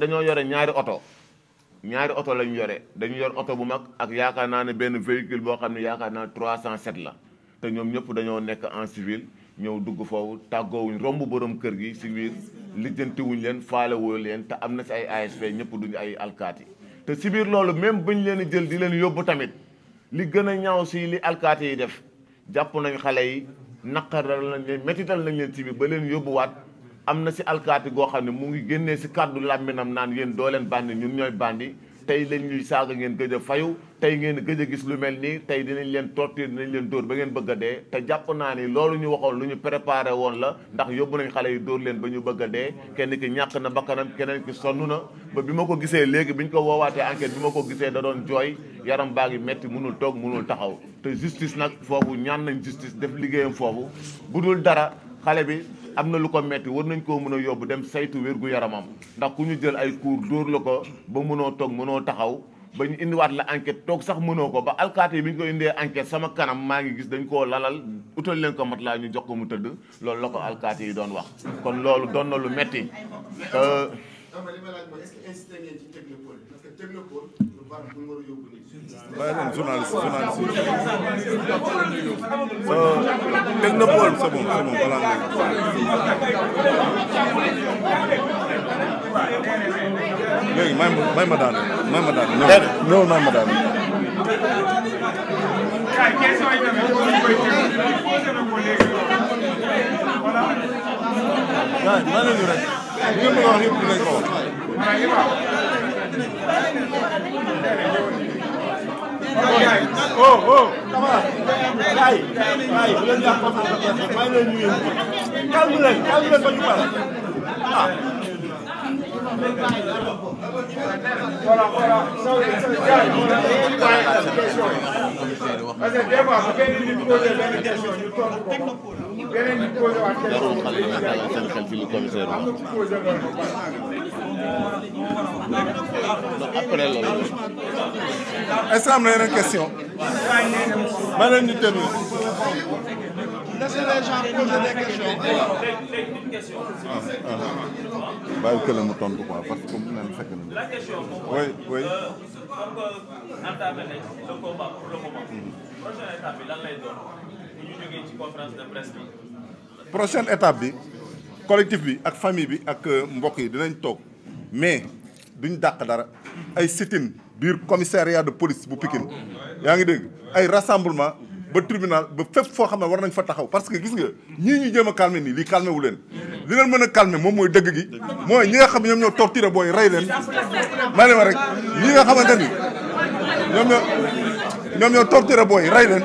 dañoo yore ñaari oto ñaari oto lañ yore dañu yor oto bu mag ak yaakaar naa ne benn véhicule boo xam ne yaakaar naa 307 la te ñoom ñëpp dañoo nekk en civil ñëw dugg foofu tàggoowuñ romb borom kër gi si biir lijjantiwuñ leen faalewoo leen te am na si ay ASP ñëpp duñu ay alkaati te si biir loolu même buñ leen jël di leen yóbbu tamit li gën a ñaaw si li alkaati yi def jàpp nañ xale yi naqaral nañ leen métital nañ leen si ba leen yóbbuwaat am na si alkaati goo xam ne mu ngi génnee si kàddu làmminam naan yéen doo leen bandi ñun ñooy bandi tey lañ ñuy saaga ngeen gëj a fayu tey ngeen gëj a gis lu mel nii tey dinañ leen torture dinañ leen dóor ba ngeen bëgg dee te jàpp naa ni loolu ñu waxoon lu ñu préparé woon la ndax yóbbu nañ xale yi dóor leen ba ñu bëgg dee kenn ki ñàkk na bakkanam keneen ki sonn na ba bi ma ko gisee léegi bi ñu ko woowaatee enquête bi ma ko gisee da doon jooy yaram baa ngi métti mënul toog mënul taxaw te justice nag foofu ñaan nañ justice def liggéeyam foofu bu bi am na lu ko metti war nañ koo mën a yóbbu dem saytu wér-gu-yaramam ndax ku ñu jël ay cours dóor la ko ba mënoo toog mënoo taxaw ba ñu indiwaat la enquête toog sax mënoo ko ba alkaati bi ñu ko indee enquête sama kanam maa ngi gis dañ koo lalal utal leen ko mat laa ñu jox ko mu tëdd loolu la ko alkaati yi doon wax kon loolu doon na lu metti euh, journaliste journaliste euh, teg na bool c'est bon c'est bon voilà léegi may ma may ma daane may ma daane ñëw may ma daane waaw maa ngi rek li ngeen mën a wax yëpp dinañ ko wax oh oh. gars yi gars yi bu leen yàq conférence maa ngi leen nuyu calme leen calme leen ba ñu pare ah. voilà voilà Sow parce que des fois bu fekkee ni ñu posé benn question ñu tontu ko jarul xale yi nga dalal seen xel fi lu commissaire wax donc après loolu la. est-ce que am na yeneen question. ma leen di tënk. laissez les gens poser des questions. Ah, ah, ah. bàyyi kële mu tontu quoi parce que mu neen fekk na. oui oui. Euh, euh, mm-hmm. prochaine étape bi lan lay doon. bu ñu bi. prochaine bi ak famille bi ak euh, mbokk yi dinañ toog mais duñ dàq dara ay sit-in biir commissariat de police bu Pikine yaa ngi dégg ay rassemblement ba tribunal ba fépp foo xam ne war nañ fa taxaw parce que gis nga ñii ñu jéem a calmer nii lii calmer leen li leen mën a calmer moom mooy dëgg gi mooy ñi nga xam ñoom ñoo torturé booy rey leen ma ne ma rek ñi nga xamante ni ñoom ñoo ñoom ñoo torturé booy rey leen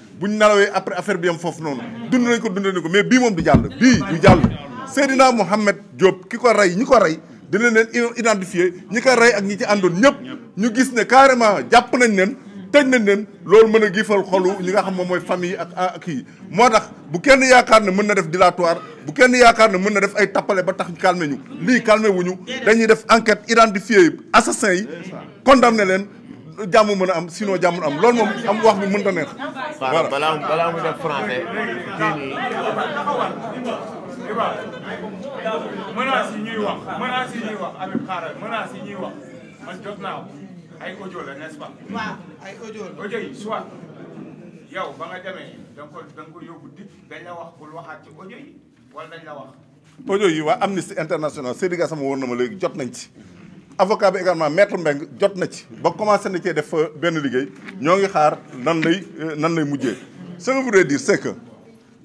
buñ narawee après affaire bi yam foofu noonu dund nañ ko dund nañ ko mais bii moom du jàll bii du jàll Seydina Mohamed Diop ki ko rey ñi ko rey dina leen identifier ñi ko rey ak ñi ci àndoon ñëpp ñu gis ne carrément jàpp nañ leen tëj nañ leen loolu mën a giifal xolu ñi nga xam moom mooy famille ak ak kii moo tax bu kenn yaakaar na mën na def dilatoire bu kenn yaakaar na mën na def ay tappale ba tax calmer ñu lii calmer ñu dañuy def enquête identifier assassin yi leen jàmm mën a am sinon jàmm am loolu moom am wax bi mënut neex. balaa balaa muy def français menaces yi ñuy wax ñuy wax man jot naa ay ay audio la audio yow ba nga demee da nga ko yóbbu dikk dañ la wax bul waxaat ci audio yi wala Amnesty International Seydi Gassama woon na ma léegi jot nañ ci. avocat également maître Mbeng commencé def xaar nan euh, ce que je voudrais dire c'est que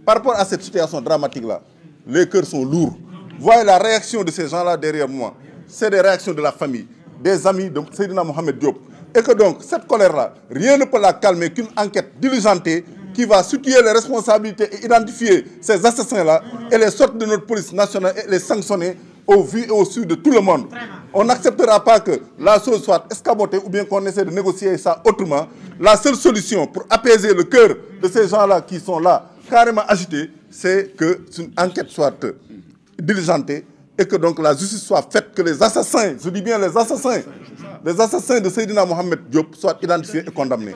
par rapport à cette situation dramatique là les cœurs sont lourds voyez la réaction de ces gens là derrière moi c'est des réactions de la famille des amis de Seydina Mohamed Diop et que donc cette colère là rien ne peut la calmer qu'une enquête diligentée qui va situer les responsabilités et identifier ces assassins là et les sortir de notre police nationale et les sanctionner au vu et au su de tout le monde on n'acceptera pas que la chose soit escamotée ou bien qu'on essaie de négocier ça autrement. La seule solution pour apaiser le cœur de ces gens-là qui sont là, carrément agités, c'est que une enquête soit diligentée et que donc la justice soit faite, que les assassins, je dis bien les assassins, les assassins de Seydina Mohamed Diop soient identifiés et condamnés.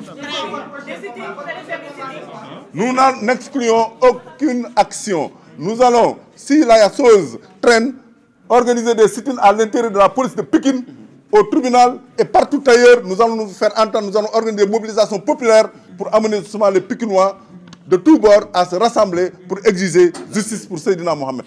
Nous n'excluons aucune action. Nous allons, si la chose traîne, organiser des sit à l'intérieur de la police de Pékin, au tribunal et partout ailleurs. Nous allons nous faire entendre, nous allons organiser des mobilisations populaires pour amener justement les Pékinois de tous bords à se rassembler pour exiger justice pour Seydina Mohamed.